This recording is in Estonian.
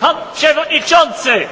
Pan Przewodniczący!